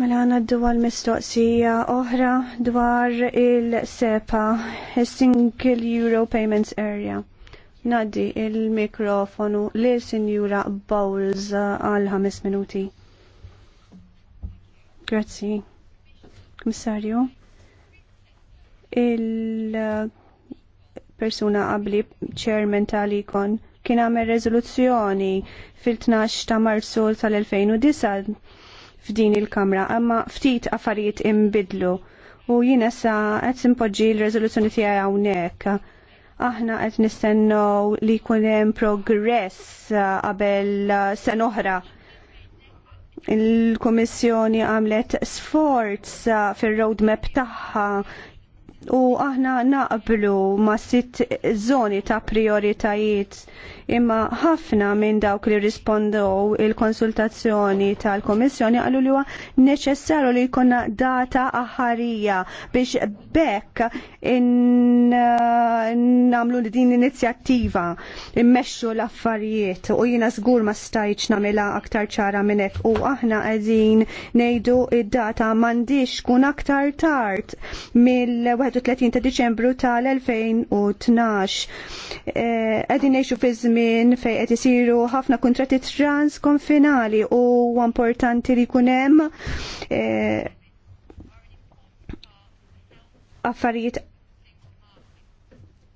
Mela d-dwar mistoqsija oħra dwar il-SEPA, Single Euro Payments Area. Naddi il-mikrofonu li sinjura Bowles għal ħames minuti. Grazzi. Komissarju. Il-persuna għabli chairman tal-ikon kien għamel rezoluzzjoni fil-12 ta' marzu tal-2009 f'din il-Kamra, imma ftit affarijiet imbidlu u jiena sa qed simpoġġi l-reżoluzzjoni tiegħi hawnhekk. Aħna qed nistennew li jkun hemm progress uh, qabel uh, sen oħra il-Komissjoni għamlet sforz uh, fil-roadmap tagħha u aħna naqblu ma sitt zoni ta' prioritajiet imma ħafna minn dawk li rispondow il-konsultazzjoni tal-Komissjoni għallu li huwa neċessarju li jkollna data aħarija biex bekk Eh, namlu li din inizjattiva immexxu l-affarijiet u jina żgur ma stajċ namela aktar ċara minn hekk u aħna qegħdin ngħidu id-data m'għandix kun aktar tard mill-31 ta' Diċembru tal-2012. Eh, qegħdin ngħixu fi żmien fejn qed isiru ħafna kuntratti transkonfinali u importanti li jkun hemm eh, affarijiet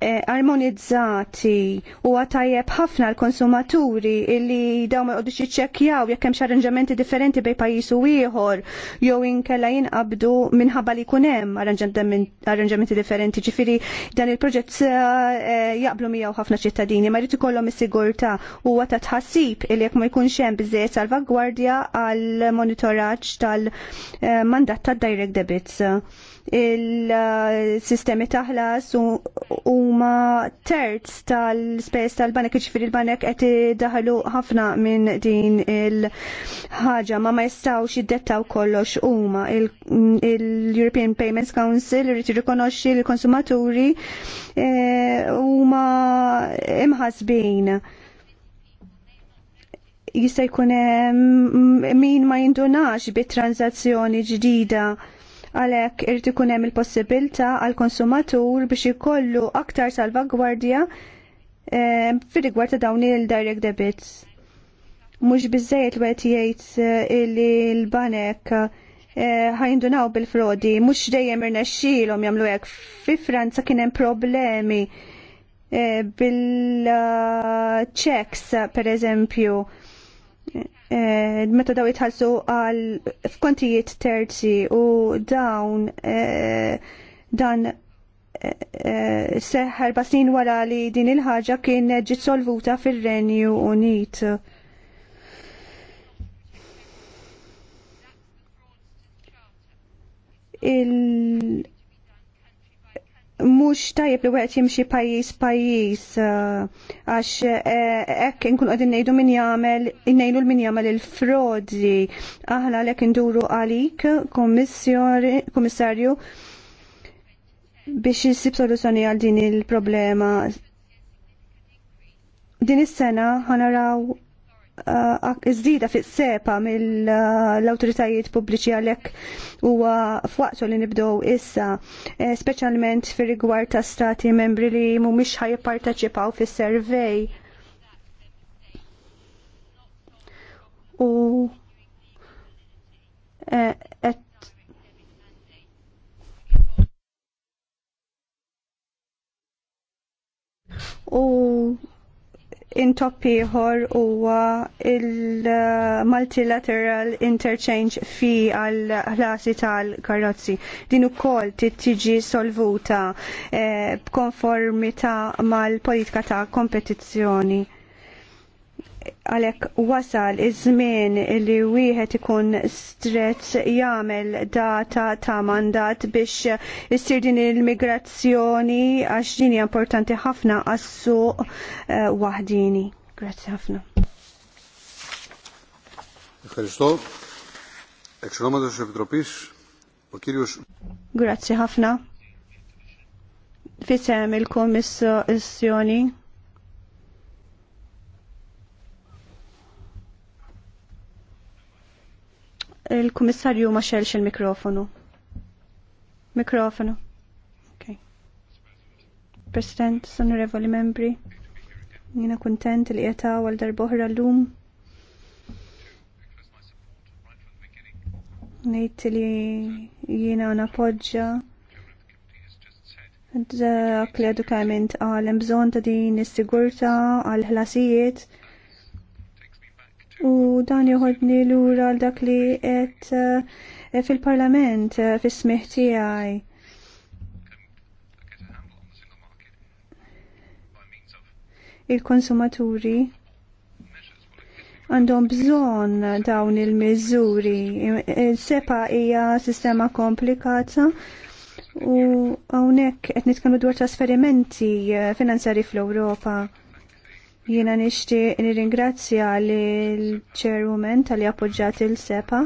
eh, armonizzati u għatajjeb ħafna l-konsumaturi illi dawn ma jgħodux jiċċekkjaw jekk hemm arranġamenti differenti bej pajjiż u ieħor jew inkella jinqabdu minħabba li jkun hemm arranġamenti differenti. Ġifieri dan il-proġett eh, jaqblu miegħu ħafna ċittadini ma jrid ikollhom is-sigurtà huwa ta' tħassib illi jekk ma jkunx hemm biżejjed salvagwardja għall monitoraġġ tal-mandat eh, tad-direct debits il-sistemi taħlas u ma terz tal-spess tal-banek ċifir il-banek għeti daħlu ħafna minn din il-ħagġa ma ma jistawx jiddettaw kollox u ma il-European Payments Council irrit jirrikonoxxi l-konsumaturi eh, u ma imħasbin jista' jkun min ma jindunax bit-tranzazzjoni ġdida għalhekk irti ikun hemm il-possibilità għall konsumatur biex ikollu aktar salvagwardja ehm, fil rigward ta' dawn il-direct debits. Mhux biżejjed wieħed jgħid eh, li l-banek eh, ħajndunaw bil-frodi, mhux dejjem xilom jagħmlu hekk. Fi Franza kien hemm problemi eh, bil-checks, per eżempju, Eh, meta daw jitħalsu għal f'kontijiet terzi u dawn eh, dan eh, seħħar basin wara li din il-ħaġa kien ġit solvuta fir-Renju Unit. il mux tajib li għet jimxi pajis pajis eh, għax eh, ekk nkun għadin nejdu min jamel nejdu l-min jamel il-frodi aħna ek induru għalik komissarju biex jisib soluzjoni għal din il-problema din is-sena ħanaraw Eh, iżdida fit sepa mill-autoritajiet pubbliċi għalek u f'waqtu li nibdow issa, eh, specialment fir rigward ta' stati membri li mumiex ħajparteċipaw fis servej U eh, u intoppiħor huwa il-multilateral interchange fi għal ħlasi tal-karozzi. Din ukoll tiġi solvuta eh, b'konformità mal-politika ta' kompetizzjoni għalek wasal iż-żmien li wieħed ikun stretz jagħmel data ta' mandat biex issir din il-migrazzjoni għax din hija importanti ħafna għas-suq uh, waħdini. Grazzi ħafna. Grazzi ħafna. Fisem il-Komissjoni il-Kummissarju ma xelx il-mikrofonu. Mikrofonu. Okay. President, onorevoli membri, jina kontent li jeta għal darboħra l-lum. Nejt li jina napoġġa dak li għadu kajment għal bżon ta' din is-sigurta għal ħlasijiet u dan joħodni lura għal dak li qed eh, fil-parlament eh, fis smihti tiegħi. Il-konsumaturi għandhom bżon dawn il-miżuri. Il-sepa hija sistema komplikata u hawnhekk qed nitkellmu dwar trasferimenti eh, finanzjari fl-Ewropa. Jiena nixtieq nirringrazzja lill-Chairwoman tal-li appoġġjat il-SEPA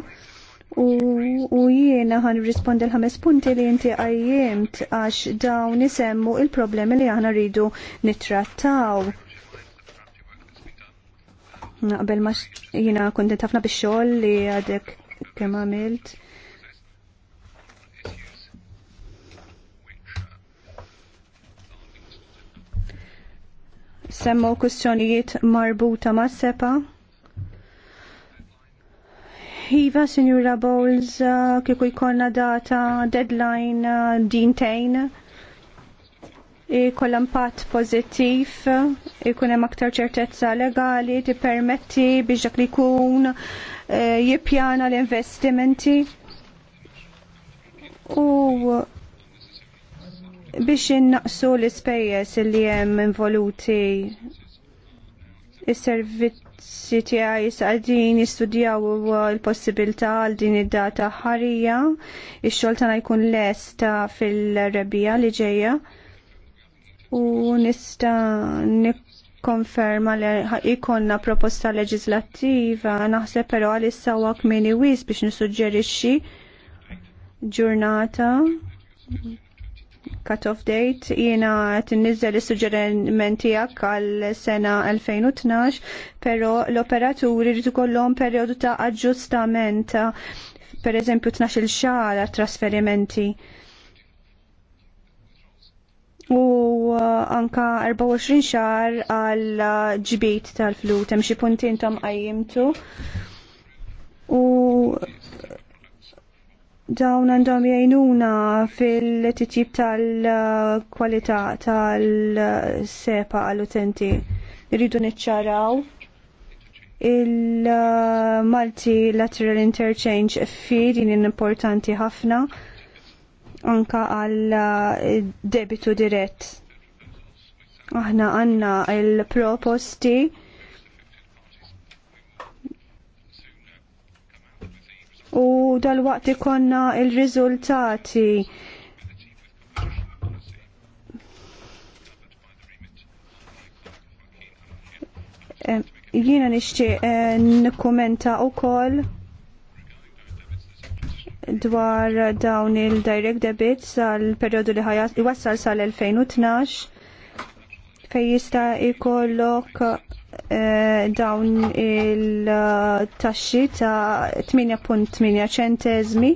u jiena għan rispondi l-ħames punti li inti għajjimt għax dawn nisemmu il-problemi li aħna rridu nittrattaw. Naqbel ma jiena kontent ħafna bix-xogħol li għadek kemm għamilt semmu kwistjonijiet marbuta ma' sepa. Iva, Signora Bowles, uh, kieku jkollna data, deadline, uh, din tejn, ikolla impatt pozittiv, ikun hemm aktar ċertezza legali, tippermetti biex dak li jkun eh, jippjana l-investimenti. U biex innaqsu l-ispejjeż li hemm involuti is-servizzi tiegħi qegħdin jistudjaw il possibilità għal din id-data ħarija, ix-xogħol tagħna jkun lesta fil-rebija li ġejja u nista' konferma li ikonna proposta leġislattiva, naħseb però għal issa huwa kmieni wis biex nisuġġerixxi ġurnata cut-off date jiena t-nizzel il-sugġerimenti jak għal-sena 2012, pero l-operaturi rritu kollon periodu ta' aġġustament, per eżempju 12 xahar trasferimenti. U uh, anka 24 xahar għal ġbit tal-flut, hemm xi punti intom U dawn għandhom jgħinuna fil-titjib tal-kwalità tal-sepa għall-utenti. Rridu niċċaraw il multilateral Interchange fi din importanti ħafna anka għal debitu dirett. Aħna għanna il-proposti u dal-waqt ikonna il-riżultati. Jiena nixtieq eh, nikkumenta wkoll dwar dawn il-direct debits sal perjodu li ħajas iwassal sal-2012 fej jista' jkollok Eh, dawn il-taxxi ta' 8.8 ċentezmi.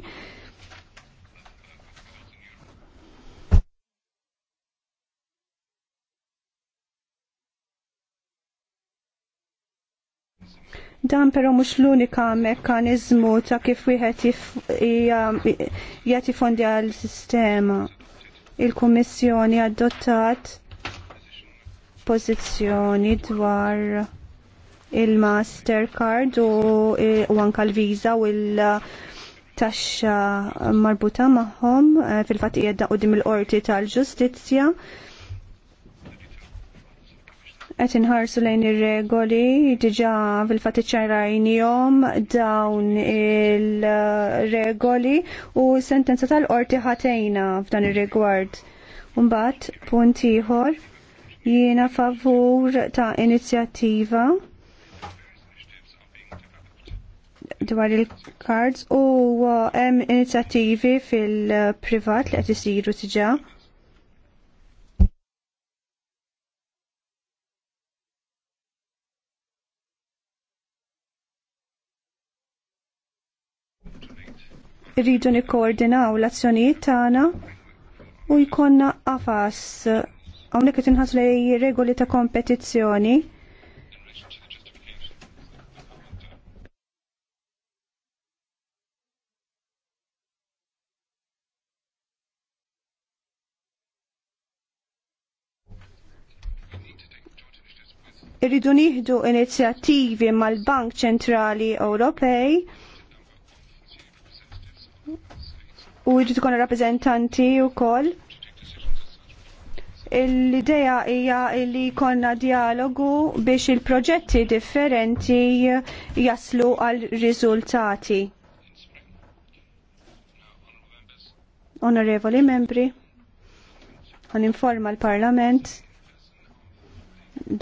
Dan però mhux l-unika mekkaniżmu ta' kif wieħed jagħti fondi għal sistema Il-Kummissjoni adottat pożizzjoni dwar il-Mastercard u, e, u anka l-Visa u l-taxxa marbuta magħhom e, fil-fatt qiegħda qudiem il-qorti tal-ġustizzja. Qed inħarsu lejn ir-regoli diġà fil-fatt iċċarajnihom dawn il-regoli u sentenza tal-qorti ħatejna f'dan ir-rigward. Mbagħad punt ieħor jiena favur ta' inizjattiva dwar il-cards u uh, hemm inizjattivi fil-privat li qed isiru diġà. Rridu nikkoordinaw l-azzjonijiet tagħna u jkollna qafas Hawnhekk qed inħassu li regoli ta' kompetizzjoni. irridu nieħdu inizjattivi mal-Bank Ċentrali Ewropej u jridu tkun rappreżentanti wkoll L-ideja hija li konna dialogu biex il-proġetti differenti jaslu għal riżultati. Onorevoli membri, għan informa l-Parlament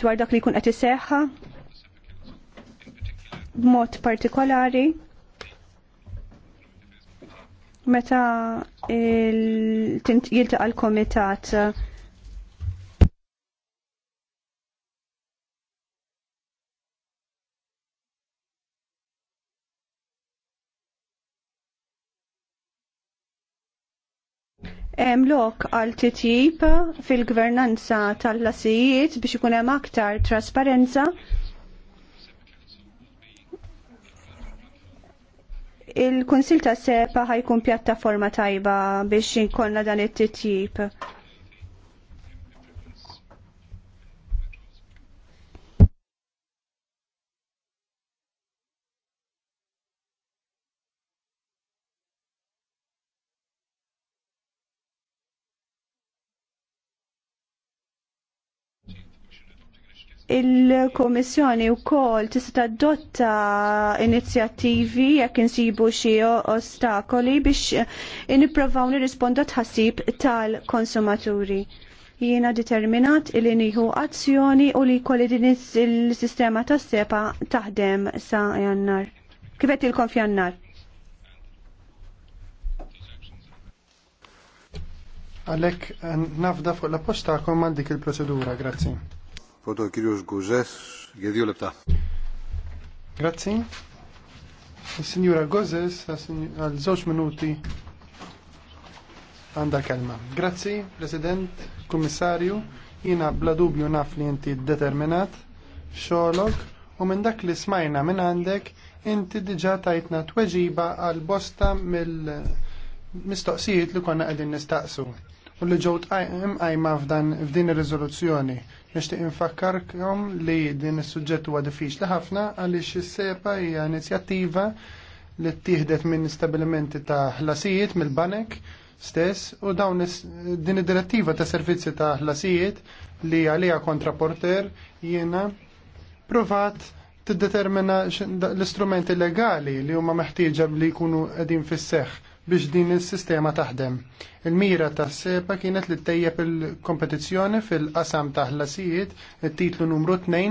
dwar dak li kun qed iseħħa b'mod partikolari meta jiltaqa' l-komitat hemm lok għal titjib fil-gvernanza tal-lasijiet biex ikun hemm aktar trasparenza il-Kunsil ta' Sepa ħajkun pjattaforma tajba biex inkolna dan it-titjib. il-Komissjoni wkoll tista' adotta inizjattivi jekk insibu xi ostakoli biex nipprovaw nirrispondu tħassib tal-konsumaturi. Jiena determinat li nieħu azzjoni u li jkolli din il-sistema tas-sepa taħdem sa jannar. Kifet il-konf jannar? Għalek, eh, nafda fuq la posta kom dik il-procedura, grazie. Kodo Kirjus Guzes, jedju lebta. Grazie. Il-Signora Gozes, għal żewġ minuti għanda kelma. Grazzi, President, Kummissarju, jina bla dubju naf li inti determinat, xolok, u minn dak li smajna minn għandek, inti diġa tajtna tweġiba għal bosta mill-mistoqsijiet li konna għedin nistaqsu u li ġew imqajma f'dan f'din ir-riżoluzzjoni. Nixtieq infakkarkom li din is-suġġett huwa diffiċli ħafna għaliex is-sepa hija inizjattiva li ttieħdet minn stabilimenti ta' ħlasijiet mill-banek stess u dawn din id-direttiva ta' servizzi ta' ħlasijiet li għalija Porter jiena provat tiddetermina l-istrumenti legali li huma meħtieġa li jkunu qegħdin fis-seħħ biex din is-sistema taħdem. Il-mira ta' sepa kienet li tejjeb il-kompetizzjoni fil-qasam ta' ħlasijiet, it-titlu numru 2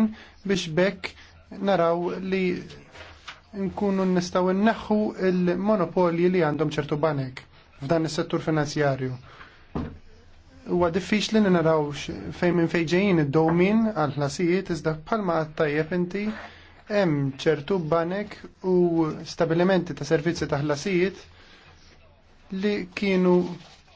biex bekk naraw li nkunu nistaw neħu il-monopolji li għandhom ċertu banek f'dan is-settur finanzjarju huwa diffiċli li naraw fejn minn fejġejn id domin għal ħlasijiet iżda bħalma tajjeb inti hemm ċertu banek u stabilimenti ta' servizzi ta' ħlasijiet li kienu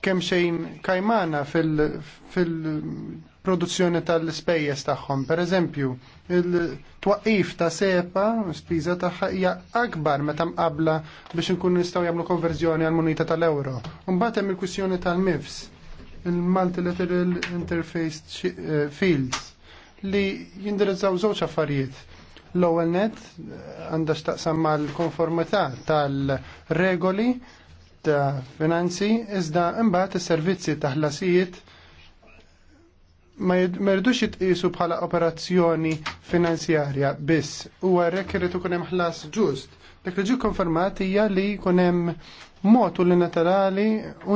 kemm xejn kajmana fil-produzzjoni fil produzzjoni fil tal spejjes tagħhom. Pereżempju, il-twaqif ta' sepa, spiża tagħha hija akbar meta mqabla biex nkunu nistgħu jagħmlu konverżjoni għal munita tal euro Imbagħad hemm il kwissjoni tal-MIFS, il-Multilateral Interface eh, Fields, li jindirizzaw żewġ affarijiet l-ewwel net għandha x'taqsam mal-konformità tal-regoli ta' finanzi, iżda imbagħad is-servizzi ta' ħlasijiet ma jerdux jitqisu bħala operazzjoni finanzjarja biss. Huwa għarrek irrid ikun hemm ħlas ġust. Dak li ġi konfermat hija li jkun hemm mod unilaterali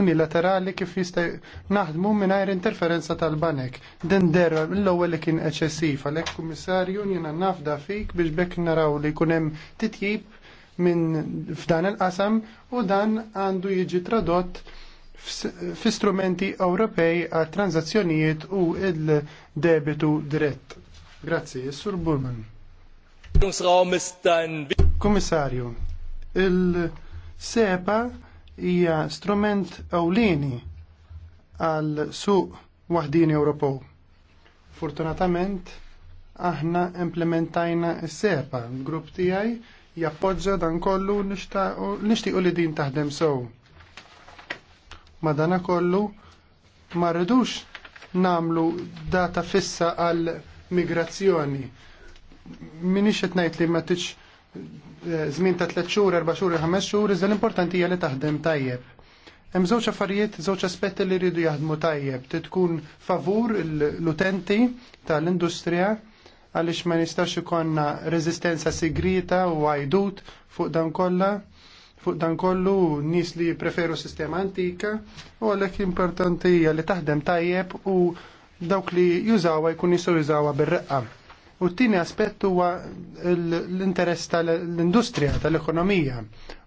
unilaterali kif jista' naħdmu mingħajr interferenza tal-banek. Din derra l-ewwel li kien eċessiv għalhekk kummissarju jiena nafda fik biex bekk naraw li jkun hemm titjib minn f'dan il-qasam u dan għandu jiġi tradott f'istrumenti Ewropej għal tranzazzjonijiet u il-debitu dirett. Grazzi, Sur Burman. Kommissarju, il-SEPA hija strument ewlieni għal suq waħdini Ewropew. Fortunatament, aħna implementajna s-SEPA, l-grupp tiegħi jappoġġa dan kollu nixtiequ li din taħdem sew. dana kollu ma rridux namlu data fissa għal migrazzjoni. Minix qed ngħid li ma tiċ eh, żmien ta' 3 xhur, 4 xhur, 5 xhur, iżda l-importanti hija li taħdem tajjeb. Hemm żewġ affarijiet, żewġ aspetti li rridu jaħdmu tajjeb, tkun favur l-utenti tal-industrija għaliex ma nistax ikonna rezistenza sigrita u għajdut fuq dan kollha fuq dan kollu nis li preferu sistema antika u għalhekk importanti hija li taħdem tajjeb u dawk li jużawa jkun jisu jużawa bir-reqqa. U t-tieni aspett huwa l-interess tal-industrija tal-ekonomija.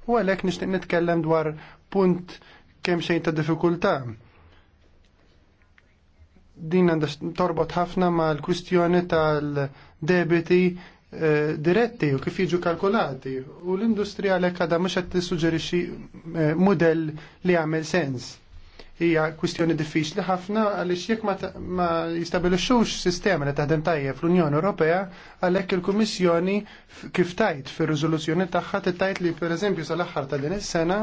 U għalhekk nixtieq nitkellem dwar punt kemm xejn ta' diffikultà din għandha torbot ħafna mal-kwistjoni tal-debiti eh, diretti u kif jiġu kalkulati. U l-industrija għalhekk għadha mhux qed tissuġġerixxi eh, mudell li għamel sens. Hija kwistjoni diffiċli ħafna għaliex jekk ma jistabilixxux sistema li taħdem tajjeb fl-Unjoni Ewropea, għalhekk il-Kummissjoni kif tajt fir-riżoluzzjoni tagħha tittajt li pereżempju sal-aħħar ta' din is-sena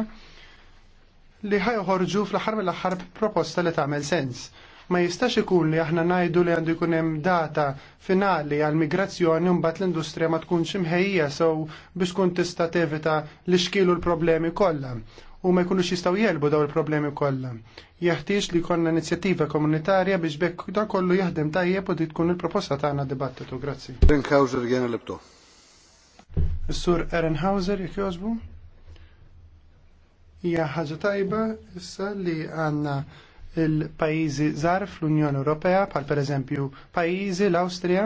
li ħajħorġu fl-aħħar mill-aħħar proposta li tagħmel sens. Ma jistax ikun li aħna najdu li għandu jkun hemm data finali għal migrazzjoni mbagħad l-industrija ma tkunx imħejja sew biex tkun tista' tevita li xkielu l-problemi kollha u ma jkunux jistgħu jelbu daw il-problemi kollha. Jeħtieġ li jkollna inizjattiva komunitarja biex bekk da kollu jaħdem tajjeb u di tkun il-proposta tagħna dibattitu. Grazzi. Erenhauser jena libtu. Is-sur Erenhauser jekk jogħġbu? Hija ħaġa tajba issa li għandna il-pajizi żgħar fl-Unjoni Ewropea, bħal pereżempju pajizi l-Awstrija,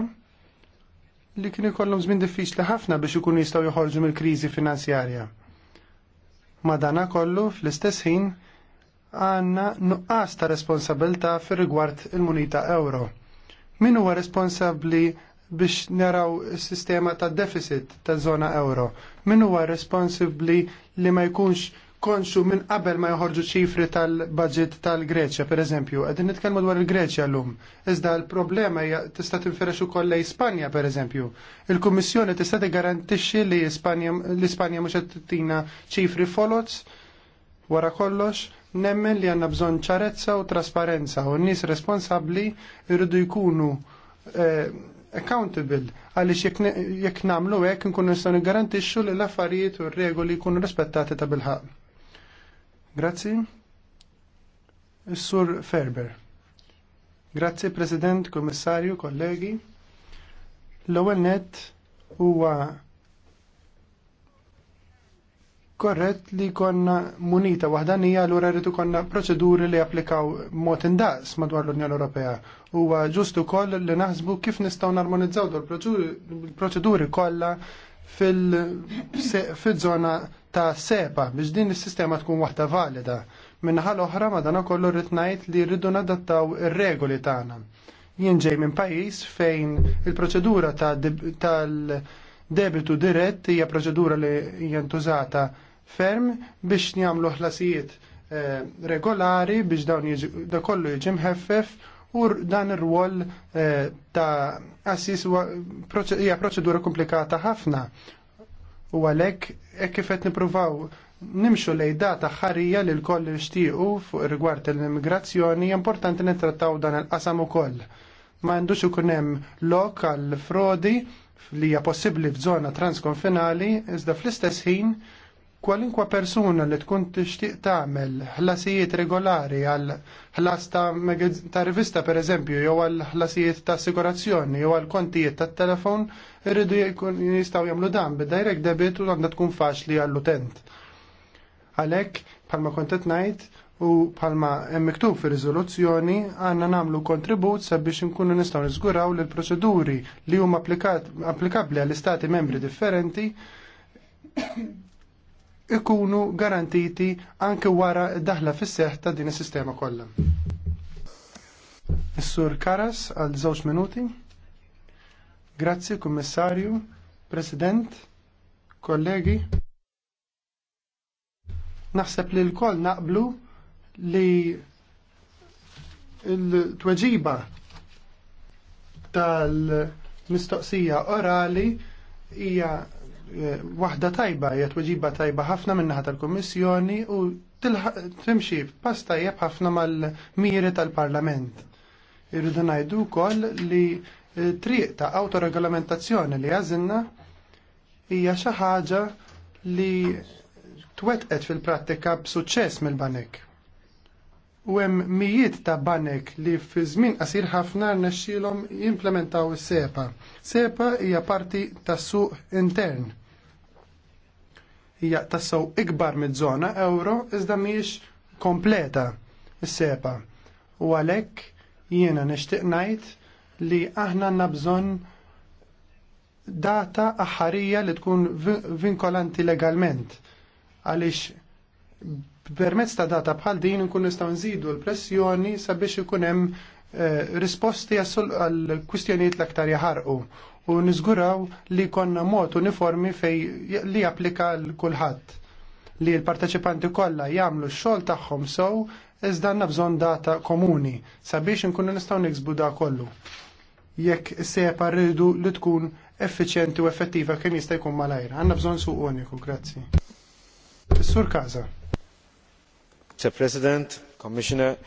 li kien ikollhom żmien diffiċli ħafna biex ikunu jistgħu joħorġu mill-kriżi finanzjarja. Madana kollu fl-istess ħin għandna nuqqas ta' responsabilità fir-rigward il-munita euro. Min huwa responsabbli biex naraw is-sistema ta' deficit ta' zona euro? Min huwa responsabbli li ma jkunx konxu minn qabel ma joħorġu ċifri tal-budget tal-Greċja, per eżempju, għedin nitkellmu dwar il-Greċja l-lum. Iżda l-problema hija tista' tinferex ukoll lej Spanja, per eżempju. Il-Kummissjoni tista' tigarantixxi li l-Ispanja mhux qed titina ċifri folots wara kollox, nemmen li għandna bżonn ċarezza u trasparenza u n-nies responsabbli jridu jkunu eh, accountable għaliex jekk nagħmlu hekk nkunu nistgħu niggarantixxu li l-affarijiet u r-regoli jkunu rispettati ta' bilħaq. Grazzi. sur Ferber. Grazzi President, Kommissarju, kollegi. L-ewwel net huwa korrett li konna munita wahdanija l ura rritu konna proċeduri li applikaw mod indaqs madwar l-Unjoni Ewropea. Huwa ġustu koll li naħsbu kif nistgħu narmonizzaw dol proċeduri kollha fil-żona ta' sepa biex din is-sistema tkun waħda valida. Minnaħal oħra madana kollu rrid ngħid li rridu nadattaw ir-regoli tagħna. Jien ġej minn pajjiż fejn il-proċedura tal-debitu dirett hija proċedura li jentużata ferm biex njamlu ħlasijiet eh, regolari biex dawn da kollu jiġi mħeffef u dan ir-rwol eh, ta' assis hija proċedura komplikata ħafna. U għalhekk hekk kif qed nippruvaw nimxu lej data ħarija li l-koll nixtiequ fuq rigward l-immigrazzjoni importanti nittrattaw dan il-qasam ukoll. Ma għandux ikun hemm lokal frodi li hija possibbli f'żona transkonfinali iżda fl-istess ħin kwalinkwa persuna li tkun tixtieq tagħmel ħlasijiet regolari għal ħlas ta' rivista per eżempju jew għal ħlasijiet ta' assigurazzjoni jew għal kontijiet tat telefon irridu jistgħu jagħmlu dan bid-direct debit u għandha tkun faċli għall-utent. Għalhekk bħalma kont qed ngħid u bħalma hemm miktub fir-riżoluzzjoni għandna nagħmlu kontribut sabiex inkunu nistgħu niżguraw li l-proċeduri li huma applikabbli għall-istati membri differenti ikunu garantiti anke wara daħla fis seħħ ta' din is-sistema kollha. Is-Sur Karas għal żewġ minuti. Grazzi, Kummissarju, President, kollegi. Naħseb li l-koll naqblu li l-tweġiba tal-mistoqsija orali hija waħda tajba, hija tweġiba tajba ħafna min-naħa tal-Kummissjoni u timxi pas tajjeb ħafna mal-miri tal-Parlament. Irridu ngħidu wkoll li triq ta' autoregolamentazzjoni li għazinna hija xi ħaġa li twettqet fil-prattika b'suċċess mill-banek u hemm mijiet ta' banek li fi żmien qasir ħafna rnexxielhom jimplementaw is-sepa. Sepa hija parti tas-suq intern. Hija tassew ikbar miż-żona euro iżda mhijiex kompleta is-sepa. U għalhekk jiena nixtieq ngħid li aħna għandna bżonn data aħħarija li tkun vinkolanti legalment għaliex permezz ta' data bħal din nkun nistgħu nżidu l-pressjoni sabiex ikun hemm eh, risposti għal kwistjonijiet l-aktar jaħarqu u niżguraw li konna mod uniformi fej li applika l-kulħadd li l-parteċipanti kollha jagħmlu x-xogħol tagħhom sew iżda għandna bżonn data komuni sabiex inkunu nistgħu niksbu da kollu. Jekk sepa rridu li tkun effiċjenti u effettiva kemm jista' jkun malajr. Għandna bżonn suq uniku, grazzi. Sur Kaza. Mr. President, Commissioner,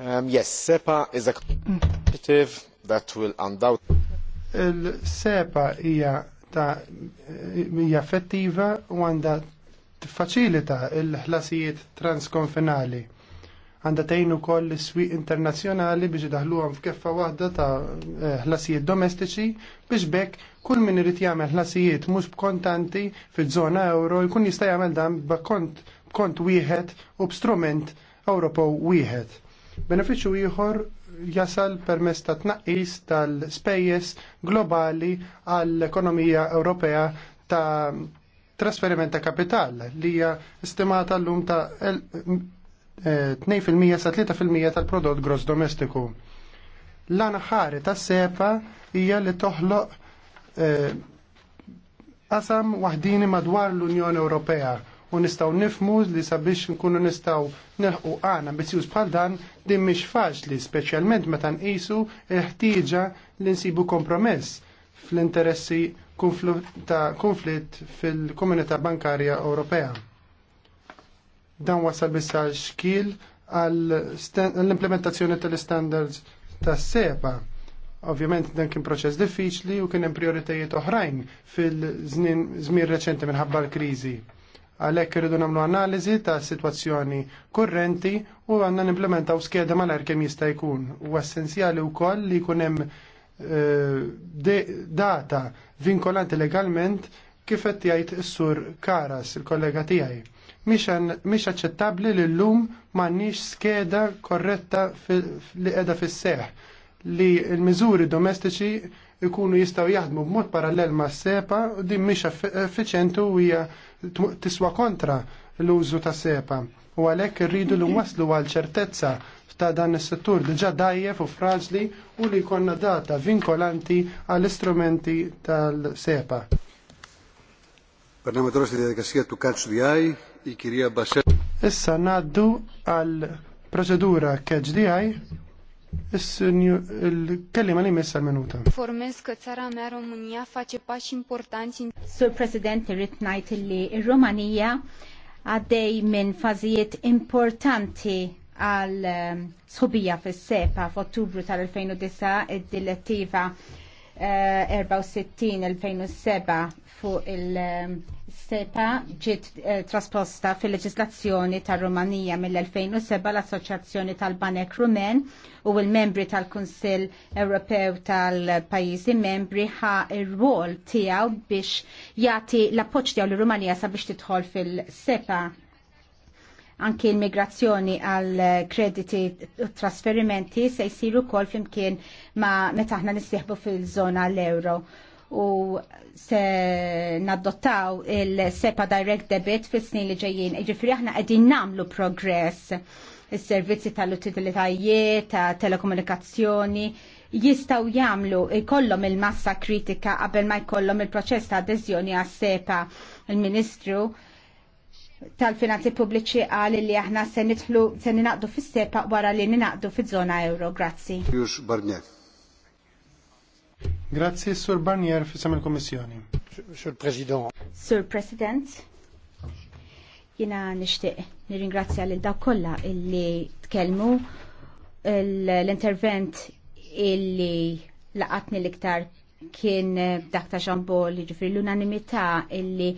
um, yes, SEPA is a competitive that will undoubtedly. Il-SEPA hija ta' hija effettiva u għandha tiffaċilita l-ħlasijiet transkonfinali. Għandha tgħin ukoll is-swieq internazzjonali biex idaħluhom f'keffa waħda ta' eh, ħlasijiet domestiċi biex bekk kull min irid jagħmel ħlasijiet mhux b'kontanti fiż-żona euro jkun jista' jagħmel dan b'kont kont wieħed u b'strument Ewropew wieħed. Benefiċċju ieħor jasal permess ta' tnaqqis tal-spejjeż globali għall-ekonomija Ewropea ta' trasferiment ta' kapital li hija stimata llum ta' 2% eh, sa 3% tal-prodott gross domestiku. L-għana ħari ta' sepa hija li toħloq eh, qasam waħdini madwar l-Unjoni Ewropea u nistgħu nifmu li sabiex nkunu nistgħu nelħu għan ambizzjuż bħal dan din mhix faċli, speċjalment meta nqisu l-ħtieġa li nsibu kompromess fl-interessi ta' konflitt fil-Komunità Bankarja Ewropea. Dan wasal bissa xkil għall-implementazzjoni tal-standards ta' sepa Ovvjament dan kien proċess diffiċli u kien hemm prioritajiet oħrajn fil-żmien reċenti minħabba l-kriżi. Għalhekk rridu nagħmlu analiżi ta' situazzjoni kurrenti u għandna nimplementaw skeda malajr kemm jista' jkun. U essenzjali wkoll li jkun hemm eh, data vinkolanti legalment kif qed jgħid is-sur Karas, il-kollega tiegħi. Mhix aċċettabbli li llum m'għandniex skeda korretta li qiegħda fis-seħħ li l-miżuri domestiċi ikunu jistgħu jaħdmu b'mod parallel ma' sepa u din mhix effiċjenti u hija tiswa kontra l-użu ta' sepa. U għalhekk irridu li waslu għal ċertezza ta' dan is-settur diġà dajjef u fraġli u li jkollna data vinkolanti għall-istrumenti tal-sepa. Parliamo di dedikazzjoni tu calcio di għaj, i kirija Issa naddu għal proċedura KHDI Il-kellima li messa minuta că țara mea România face pași importanti. Sur President, irrit ngħid li Rumanija għaddej minn fazijiet importanti għal sħubija fis-sepa f'Ottubru tal-2009 id-dilettiva 64-2007 eh, fuq il-SEPA ġiet eh, trasposta fil-leġislazzjoni tar rumanija mill-2007 l-Assoċjazzjoni tal-Banek Rumen u l-membri tal-Kunsill Ewropew tal-Pajjiżi membri ħa ir-rwol tiegħu biex jagħti l-appoġġ tiegħu lir rumanija sabiex tidħol fil-SEPA Anki l-migrazzjoni għal krediti u trasferimenti se jisiru kol fimkien ma meta aħna nissieħbu fil-żona l-euro u se naddottaw il-SEPA Direct Debit fil-snin li ġejjin. Ġifri aħna għedin namlu progress il-servizzi tal-utilitajiet, ta' telekomunikazzjoni, jistaw jamlu jkollhom il-massa kritika qabel ma jkollhom il-proċess ta' adeżjoni għas sepa il-Ministru tal-finanzi pubbliċi għal li aħna se nidħlu se ninaqdu fis-sepa wara li ninaqdu fiż-żona euro. Grazzi. Jux Barnier. Grazzi, Sur Barnier, fissam il-Kommissjoni. Sur President. Sur President, jina nishtiq nirringrazzja lil dawk kollha illi tkellmu l-intervent illi laqatni l-iktar kien eh, dak ta' ġambol li ġifri l-unanimità illi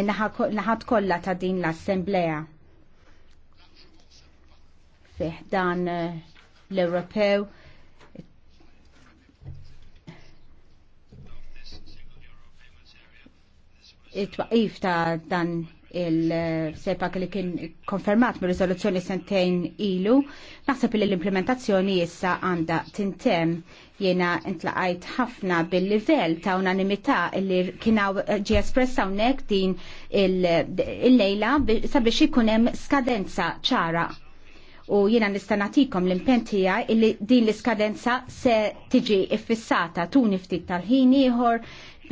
naħat kollha ta' din l-assemblea. Fih dan eh, l-Ewropew it-twaqif ta' dan il-sepak li kien konfermat mir rizoluzzjoni sentejn ilu, naħseb li l-implementazzjoni issa għanda tintem Jena intlaqajt ħafna bil-livell ta' unanimità li kienaw ġi espressa unnek din il-lejla sabiex ikunem skadenza ċara u jena nistanatikom l-impentija illi din l-iskadenza se tiġi iffissata tuni ftit tal-ħin ieħor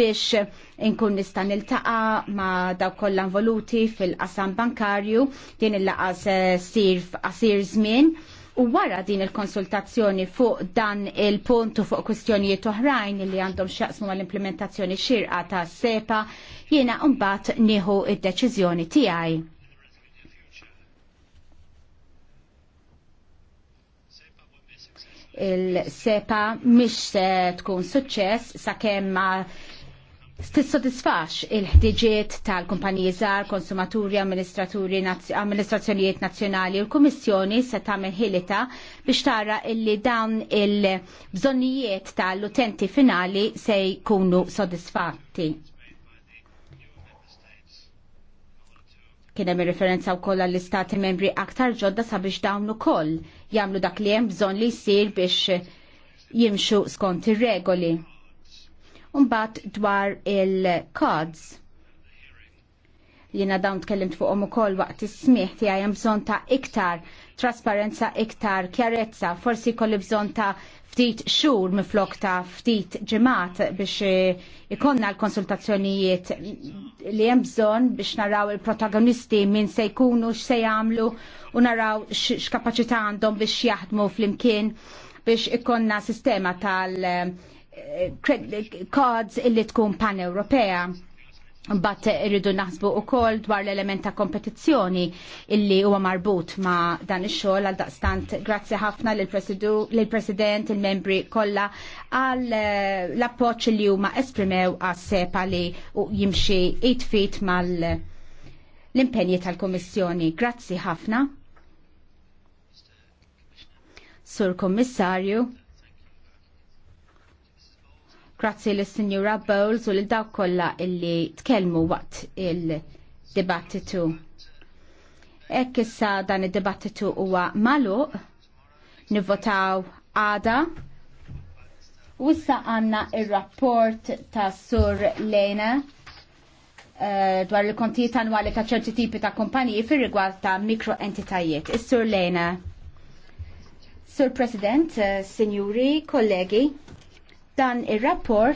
biex inkun nista' niltaqa ma' daw kollha involuti fil-qasam bankarju din il laqas sir f'qasir żmien U wara din il-konsultazzjoni fuq dan il-punt u fuq kwistjonijiet oħrajn li għandhom xaqsmu għall-implementazzjoni xirqa ta' SEPA, jiena mbagħad nieħu id-deċiżjoni tiegħi. il-sepa mish se tkun suċċess sakemm ma' tissodisfax il-ħtiġiet tal-kumpaniji żgħar, konsumaturi, amministraturi, amministrazzjonijiet nazzjonali u l-Kummissjoni se tagħmel ħilita biex tara illi dawn il-bżonnijiet tal-utenti finali se jkunu sodisfatti. Kien hemm ir referenza wkoll għall-istati membri aktar ġodda sabiex dawn ukoll jagħmlu dak li hemm bżonn li jsir biex jimxu skont ir-regoli Unbat dwar il-kods jina dawn tkellimt fuqhom ukoll waqt is-smieħ tiegħi hemm bżonn ta' iktar trasparenza, iktar kjarezza, forsi jkolli bżonn ta' ftit xhur miflok ta' ftit ġemat biex ikonna l-konsultazzjonijiet li hemm bżonn biex naraw il-protagonisti min se jkunu x'se jagħmlu u naraw x'kapaċità għandhom biex jaħdmu flimkien biex ikonna sistema tal- Eh, cards illi tkun pan-Ewropea. Bat eh, irridu naħsbu u kol dwar l-element ta' kompetizzjoni illi huwa marbut ma' dan ix-xogħol għal daqstant grazzi ħafna lill-President il-membri kollha għal eh, l-appoġġ li huma esprimew għas sepa li jimxi it mal l-impenji tal-Kommissjoni. Grazzi ħafna. Sur Kommissarju. Grazzi l sinjura Bowles u l dawk kollha illi tkellmu waqt il-dibattitu. Ekk issa dan id-dibattitu huwa maluq, nivvotaw għada. U issa għanna il rapport ta' Sur Lena eh, dwar il-kontijiet annwali ta' ċerti tipi ta' kumpaniji fir rigward ta' mikroentitajiet. Is-Sur Lena. Sur President, eh, Signori, kollegi, Dan ir-rapport